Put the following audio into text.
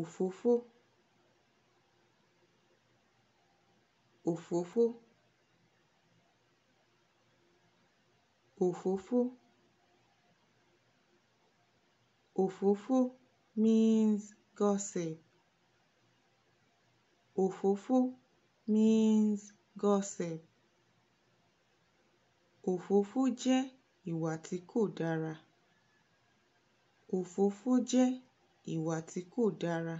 òfófó òfófó òfófó òfófó means gossip òfófó means gossip òfófó jẹ́ ìwà tí kò dára òfófó jẹ́ ìwà tí kò dára